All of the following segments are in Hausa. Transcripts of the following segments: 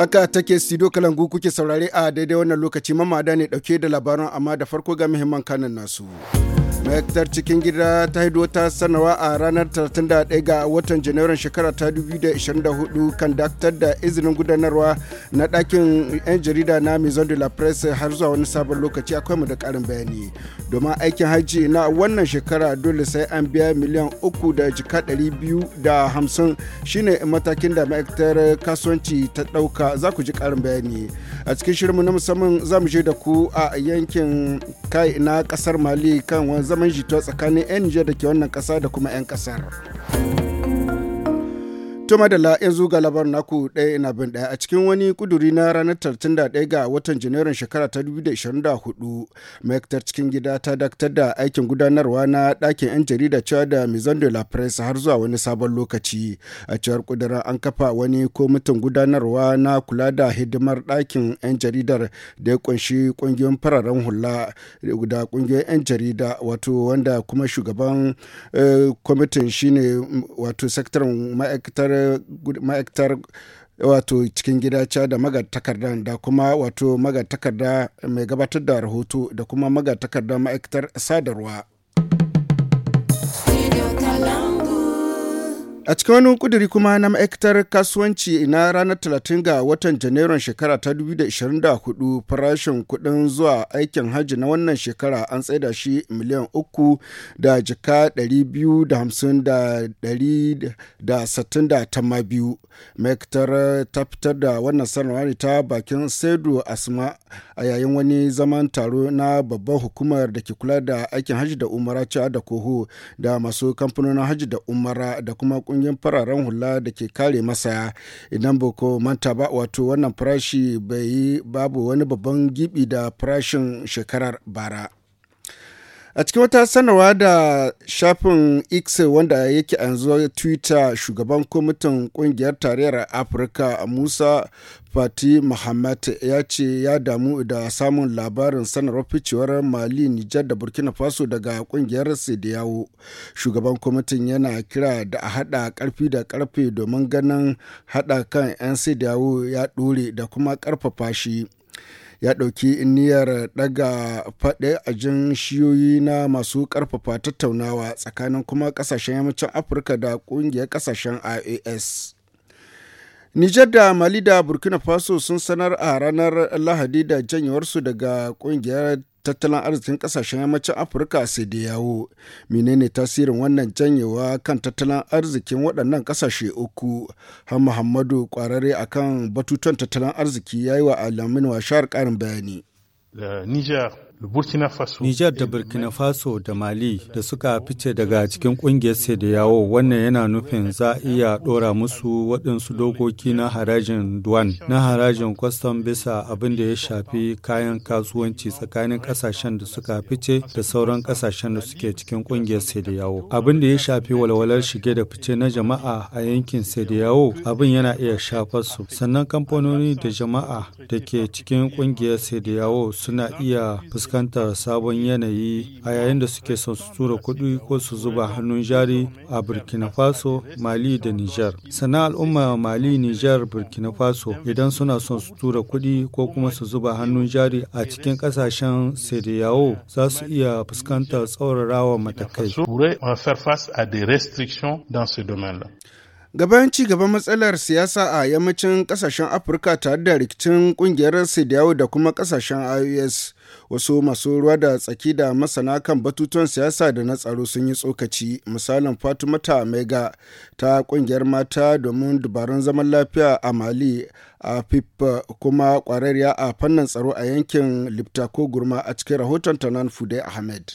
Aka take Sido Kalangu kuke saurare a daidai wannan lokaci mamada ne dauke da labaran amma da farko ga muhimman kanan nasu. ma'aikatar cikin gida ta haido ta sanawa a ranar 31 ga watan janairun shekara ta 2024 kan daktar da izinin gudanarwa na ɗakin 'yan jarida na maison de la presse har zuwa wani sabon lokaci akwai mu da ƙarin bayani domin aikin hajji na wannan shekara dole sai an biya miliyan uku da jika ɗari shine matakin da ma'aikatar kasuwanci ta ɗauka za ku ji ƙarin bayani a cikin shirinmu na musamman za mu je da ku a yankin kai na ƙasar mali kan wani zaman jito tsakanin 'yan Nijar da ke wannan ƙasa da kuma 'yan ƙasar. Tuma da la yanzu ga labar naku ɗaya ina bin ɗaya a cikin wani kuduri na ranar 31 ga watan Janairun shekara ta 2024 ma'aikatar cikin gida ta dakatar da aikin gudanarwa na ɗakin 'yan jarida cewa da Maison de la Presse har zuwa wani sabon lokaci. A cewar kudura an kafa wani komitin gudanarwa na kula da hidimar ɗakin 'yan jaridar da ya kunshi kungiyoyin fararen hula da kungiyoyin 'yan jarida wato wanda kuma shugaban eh, kwamitin shine wato sektarin ma'aikatar ma'aikatar wato cikin gida ca da magatakarda da kuma wato magatakarda mai gabatar da rahoto da kuma magatakarda ma'aikatar sadarwa. A cikin wani kuduri kuma na ma'aikatar kasuwanci na ranar 30 ga watan Janairun shekara ta 2024 farashin kudin zuwa aikin hajji na wannan shekara an tsaida shi miliyan uku da jika 250,162. Ma'aikatar ta fitar da wannan sanarwa ne ta bakin Saidu Asma a yayin wani zaman taro na babban hukumar da ke kula da aikin hajji da umara cewa da koho da masu kamfanonin hajji da umara da kuma kungiyoyin fararen hula da ke kare masa idan ba manta ba wato wannan farashi bai babu wani babban gibi da farashin shekarar bara. A cikin wata sanarwa da shafin X wanda yake a yanzu Twitter shugaban kwamitin kungiyar tarayyar Afirka Musa Fati Muhammad ya ce ya damu da samun labarin sanarwar ficewar Mali, Nijar da Burkina Faso daga kungiyar yawo Shugaban kwamitin yana kira da a haɗa ƙarfi da karfe domin ganin haɗa kan 'yan yawo ya ɗore da kuma ƙarfafa shi. ya ɗauki niyyar ɗaga faɗe a jin shiyoyi na masu ƙarfafa tattaunawa tsakanin kuma ƙasashen yammacin afirka da ƙungiyar ƙasashen ias Nijar da Mali da Burkina Faso sun sanar a ranar Lahadi da janyewarsu daga kungiyar tattalin arzikin kasashen yammacin afirka sai da yawo menene tasirin wannan janyewa kan tattalin arzikin waɗannan ƙasashe uku har muhammadu ƙwararre akan batutuwan tattalin arziki ya yi wa alamin washar ƙarin bayani Nijar da Burkina Faso da Mali da suka fice daga cikin kungiyar sai da yawo wannan yana nufin za a iya ɗora musu waɗansu dokoki na harajin duwan na harajin kwastam bisa abin da ya shafi kayan kasuwanci tsakanin ƙasashen da suka fice da sauran ƙasashen da suke cikin kungiyar sai da yawo. Abin da ya shafi walwalar shige da fice na jama'a a yankin sai da yawo abin yana iya shafar su. Sannan kamfanoni da jama'a da ke cikin kungiyar sai da yawo suna iya fuskantar fuskantar sabon yanayi a yayin da suke son su tura kuɗi ko su zuba hannun jari a burkina faso mali da niger sana al'umma mali niger burkina faso idan suna son su tura kuɗi ko kuma su zuba hannun jari a cikin ƙasashen sediyawo za su iya fuskantar tsaurarawa matakai gaban ci gaban matsalar siyasa a yammacin kasashen afirka tare da rikicin kungiyar sidiyawu da kuma kasashen ios wasu masu ruwa da tsaki da masana kan batutuwan siyasa da na tsaro sun yi tsokaci misalin fatimata mega ta kungiyar mata domin dubarun zaman lafiya a mali a fip kuma kwararriya a fannin tsaro a yankin liptako gurma a cikin rahoton tanan fude ahmed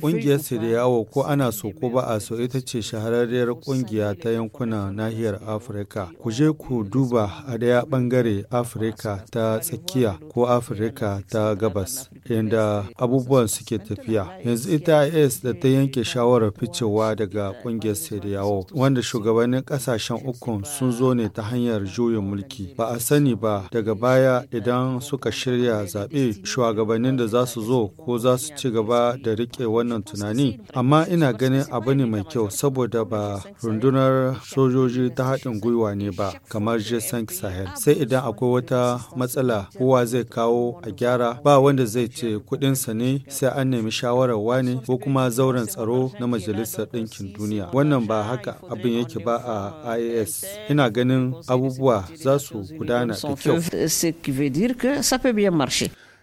Ƙungiyar sidiyawo ko ana so ko ba a so ita ce shahararriyar ƙungiya ta yankunan nahiyar Afirka. Ku je ku duba a daya bangare Afirka ta tsakiya ko Afirka Amurka ta gabas inda abubuwan suke tafiya yanzu ita is da ta yanke shawarar ficewa daga kungiyar sediyawo wanda shugabannin kasashen uku sun zo ne ta hanyar juyin mulki ba a sani ba daga baya idan suka shirya zaɓe shugabannin da za su zo ko za su ci gaba da riƙe wannan tunani amma ina ganin abu ne mai kyau saboda ba rundunar sojoji ta haɗin gwiwa ne ba kamar g sahel sai idan akwai wata matsala kowa zai kawo a gyara ba wanda zai ce kuɗinsa ne sai an nemi shawarar wani ko kuma zauren tsaro na majalisar ɗinkin duniya wannan ba haka abin yake ba a ias ina ganin abubuwa za su gudana da kyau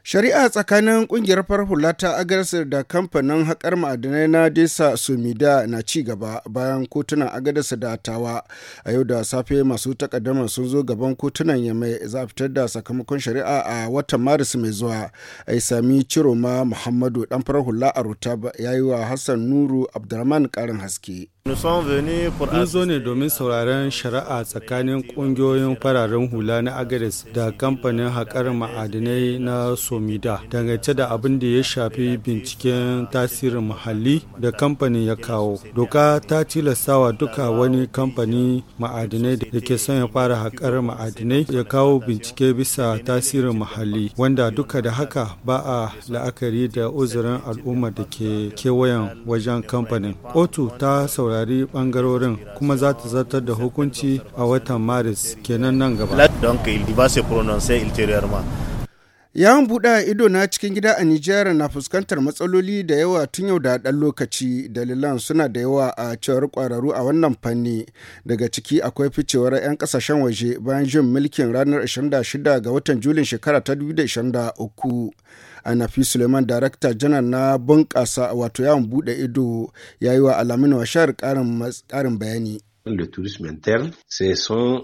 Shari'a tsakanin kungiyar farar ta Agadas da kamfanin haƙar ma'adanai na Desa Sumida na ci gaba bayan kotunan Agadas da Tawa. A yau da safe masu takaddama sun zo gaban kotunan Yamai za a fitar da sakamakon shari'a a watan Maris mai zuwa. A sami Ciroma Muhammadu ɗan farar hula a Rutab ya yi wa Hassan Nuru Abdurrahman ƙarin haske. Mun zo ne domin sauraren shari'a tsakanin ƙungiyoyin fararen hula na agres da kamfanin haƙar ma'adinai na Somida dangance da abin da ya shafi binciken tasirin muhalli da kamfanin ya kawo. Doka ta tilasta wa duka wani kamfani ma'adinai da ke son ya fara haƙar ma'adinai ya kawo bincike bisa tasirin muhalli wanda duka da haka ba a la'akari da uzurin al'ummar da ke kewayen wajen kamfanin. Kotu ta saurari saurari bangarorin kuma za ta zartar da hukunci a watan maris kenan nan gaba. Yawon buɗe ido na cikin gida a Nijar na fuskantar matsaloli da yawa tun yau da ɗan lokaci dalilan suna da yawa a cewar ƙwararru a wannan fanni daga ciki akwai ficewar 'yan ƙasashen waje bayan jin mulkin ranar 26 ga watan Julin shekara ta 2023. Anafi Suleiman Darakta janar na bunƙasa wato yawon buɗe ido ya yi wa Alamin ƙarin bayani.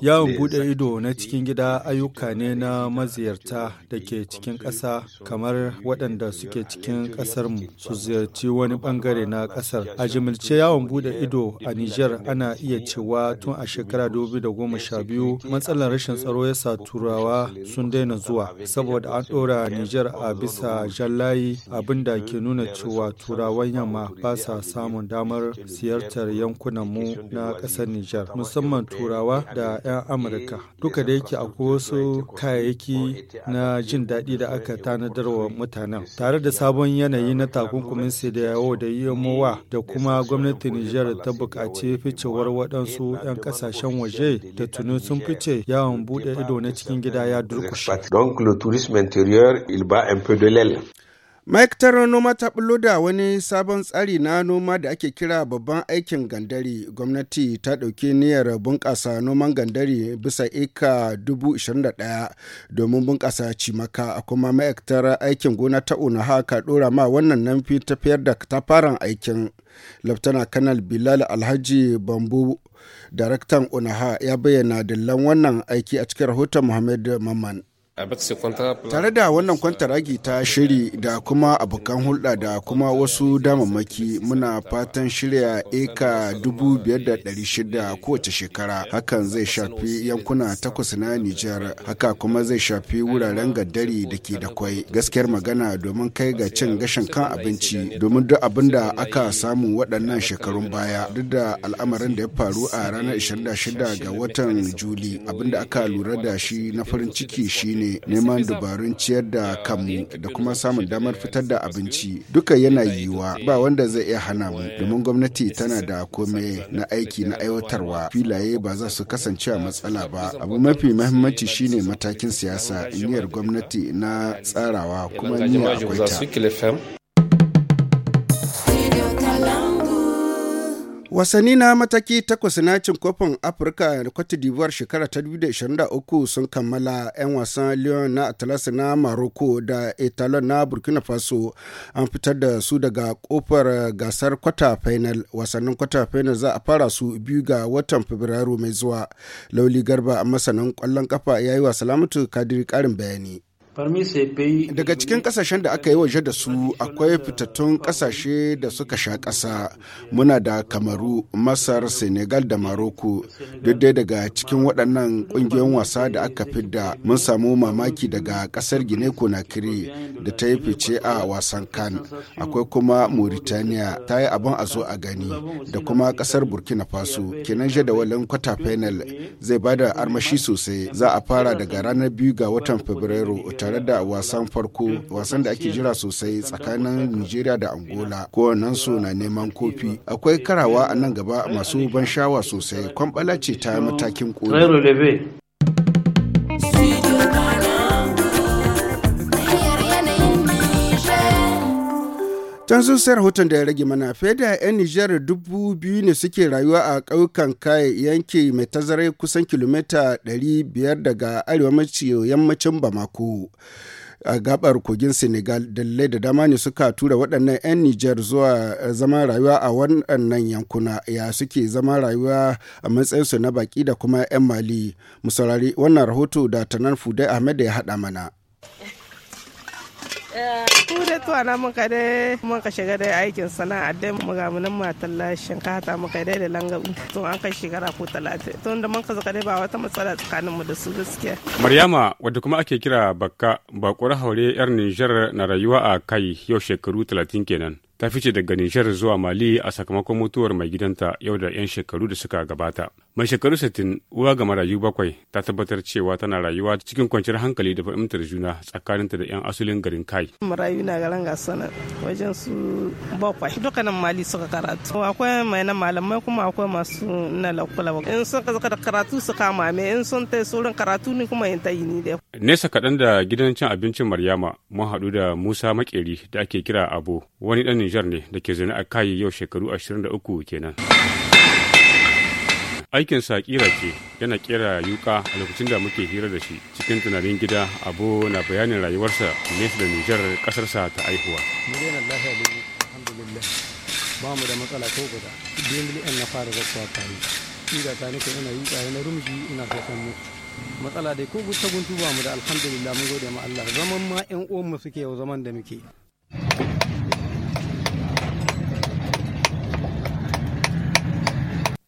Yawon buɗe ido na cikin gida ayyuka ne na maziyarta da ke cikin ƙasa kamar waɗanda suke cikin ƙasarmu su ziyarci wani ɓangare na ƙasar. A jimilce yawon buɗe ido a Nijar ana iya cewa tun a shekara 2012 matsalar rashin tsaro ya sa turawa sun daina zuwa saboda an ɗora Nijar a bisa jallayi abin da ke nuna cewa turawan yamma ba sa samun damar ziyartar yankunanmu na ƙasar Nijar musamman turawa da 'yan Amurka duka da yake akwai wasu kayayyaki na jin daɗi da aka tanadar wa mutanen tare da sabon yanayi na takunkumin sai da yawo da da kuma gwamnatin Nijar ta buƙaci ficewar waɗansu 'yan ƙasashen waje da tuni sun fice yawon buɗe ido na cikin gida ya durƙushe. Donc le tourisme intérieur il bat ma'aikatar noma ta bullo da wani sabon tsari na noma da ake kira babban aikin gandari gwamnati ta ɗauki niyyar bunƙasa noman gandari bisa eka 21,000 domin bunƙasa cimaka kuma ma'aikatar aikin gona ta una ka ɗora ma wannan namfi tafiyar da ta tafaran aikin laftana kanal bilal alhaji bambu daraktan unaha ya bayyana dillan wannan aiki a cikin rahoton muhammad mamman Tare da wannan kwantar kwantaragi ta shiri da kuma abokan hulɗa da kuma wasu damammaki muna fatan shirya eka 5,600 kowace shekara. Hakan zai shafi yankuna takwas na Nijar, haka kuma zai shafi wuraren gaddari da ke da kwai. Gaskiyar magana domin kai ga cin gashin kan abinci, domin duk abin da aka samu waɗannan shekarun baya, duk da al'amarin da ya faru a ranar 26 ga watan Juli, abin da aka lura da shi na farin ciki shine ne neman dabarun ciyar da kanmu da kuma samun damar fitar da abinci duka yana yiwuwa ba wanda zai iya hana mu domin gwamnati tana da komai na aiki na aiwatarwa filaye ba za su kasance a matsala ba abu mafi mahimmanci shine matakin siyasa niyyar gwamnati na tsarawa kuma niyyar akwai ta wasanni na mataki takwas na cin kofin afirka da cote d'ivoire shekara ta 2023 sun kammala 'yan wasan lyon na atlas na morocco da etalon na burkina faso an fitar da su daga kofar gasar kwata final wasannin kwata final za a fara su biyu ga watan fabrairu mai zuwa lauli garba a masanin kwallon kafa ya yi wa salamatu kadiri karin bayani Daga cikin kasashen da aka yi waje da su akwai fitattun kasashe da suka sha ƙasa muna da Kamaru, Masar, Senegal da Maroko. Duk dai daga cikin waɗannan ƙungiyoyin wasa da aka fi da mun samu mamaki daga ƙasar Gine Conakry da ta yi fice a wasan kan. Akwai kuma Mauritania ta yi abin a zo a gani da kuma ƙasar Burkina Faso. Kenan jadawalin kwata penal zai bada armashi sosai za a fara daga ranar biyu ga watan Fabrairu tare da wasan farko wasan da ake jira sosai tsakanin Nigeria da Angola kowannen su na neman kofi akwai karawa a nan gaba masu ban shawa sosai kwamɓala ce ta matakin koli. Can sun sayar hoton da ya rage mana fiye 'yan Nijar dubu biyu ne suke rayuwa a ƙauyukan kai yanki mai tazarai kusan kilomita 500 daga arewa maci yammacin Bamako. a gabar kogin senegal dalilai da dama ne suka tura waɗannan 'yan niger zuwa eh, zama rayuwa a waɗannan yankuna ya suke zama rayuwa a matsayinsu na baki da kuma 'yan mali mu saurari wannan rahoto da tanan fudai ahmed ya haɗa mana ku da tuwa na muka dai muka shiga dai aikin sana'a dai muga munan matan lashin ka hata muka dai da langabi to an kai shekara ko talatin to da muka zaka dai ba wata matsala tsakanin mu da su gaskiya maryama wadda kuma ake kira bakka bakwar haure yar nijar na rayuwa a kai yau shekaru talatin kenan ta fice daga Nijar zuwa Mali a sakamakon mutuwar mai gidanta yau da 'yan shekaru da suka gabata. Mai shekaru 60 uwa ga marayu bakwai ta tabbatar cewa tana rayuwa cikin kwanciyar hankali da fahimtar juna tsakaninta da 'yan asulin garin Kai. Marayu na garin gasana wajen su bakwai dukkanin Mali suka karatu. Akwai mai na malamai kuma akwai masu na lakula. In sun karatu su kama mai in sun tai sauran karatu ni kuma yin ta yi ni da Nesa kaɗan da gidan cin abincin Maryama mun haɗu da Musa Makeri da ake kira Abo, wani ɗan Nijar ne da ke zaune a kayi yau shekaru 23 kenan. aikin sa kira ce yana kera yuka a lokacin da muke hira da shi cikin tunanin gida Abo na bayanin rayuwarsa nesa da Nijar kasarsa ta aihuwa. ba mu da matsala ko guda, na fara ta nika ina yi na rumji ina sosan mutu. matsala dai ko ta guntu ba mu da alhamdulillah mun gode ma Allah zaman ma yan uwan mu suke yau zaman da muke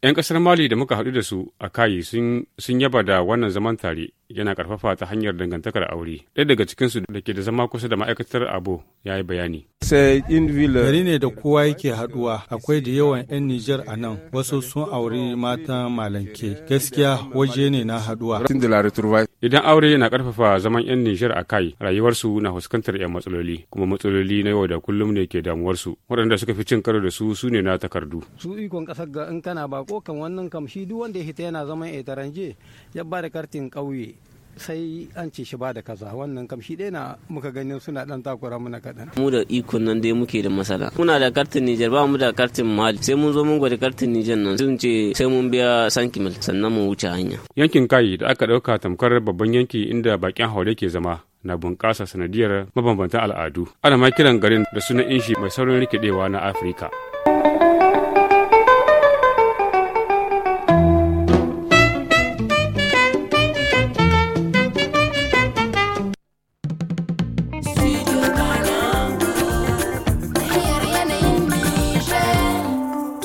yan kasar mali da muka haɗu da su a kayi sun yaba da wannan zaman tare yana karfafa ta hanyar dangantakar aure ɗaya daga cikinsu da ke da zama kusa da ma'aikatar abo ya yi bayani gari ne da kowa yake haɗuwa akwai da yawan 'yan nijar a nan wasu sun auri mata malanke gaskiya waje ne na haɗuwa Idan aure na ƙarfafa zaman 'yan Nijar a kai, rayuwarsu na fuskantar 'yan matsaloli, kuma matsaloli na yau da kullum ne ke damuwarsu. Waɗanda suka fi cin karo da su su ne na takardu. Su ikon ƙasar ga in kana bako kan wannan kamshi duk wanda ya hita yana zaman taranje ya ba da kartin ƙauye. sai an ce shi ba da kaza wannan kam shi na muka ganin suna dan takura muna kaɗan. mu da ikon nan dai muke da masala muna da kartin nijar ba mu da kartin mali sai mun zo mun gwada kartin nijar nan sun ce sai mun biya mil sannan mu wuce hanya. yankin kayi da aka ɗauka tamkar babban yanki inda bakin haure ke zama na bunƙasa sanadiyar mabambantan al'adu ana ma kiran garin da sunan inshi mai saurin rikidewa na afirka.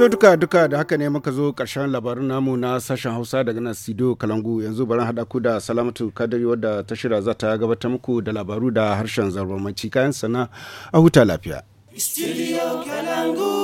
To duka duka da haka ne muka zo karshen labarin namu na sashen Hausa daga nan Sido Kalangu yanzu barin haɗa ku da Salamatu Kadari wadda ta shirya za ta gabatar muku da labaru da harshen zarbamanci kayan sana a huta lafiya. Studio Kalangu.